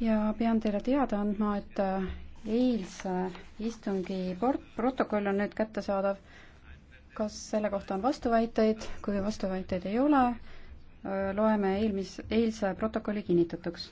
ja pean teile teada andma, et äh, eilse istungi protokoll on nüüd kättesaadav. kas selle kohta on vastuväiteid? kui vastuväiteid ei ole, äh, loeme eelmise, eilse protokolli kinnitatuks